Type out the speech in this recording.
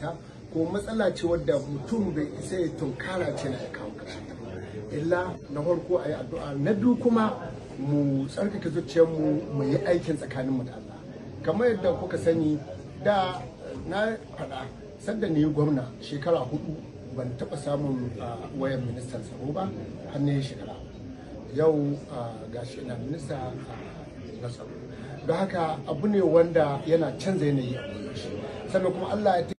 ta ko matsala ce wadda mutum bai isa ya tunkara ce na kawo illa na farko a yi addu'a na biyu kuma mu tsarkake zuciyarmu mu yi aikin tsakaninmu da Allah kamar yadda kuka sani da na faɗa sanda ne gwamna shekara hudu ban taɓa samun wayan ministan tsaro ba har ne shekara yau ga shi na minista na tsaro da haka abu ne wanda yana canza yanayi a sannan kuma Allah ya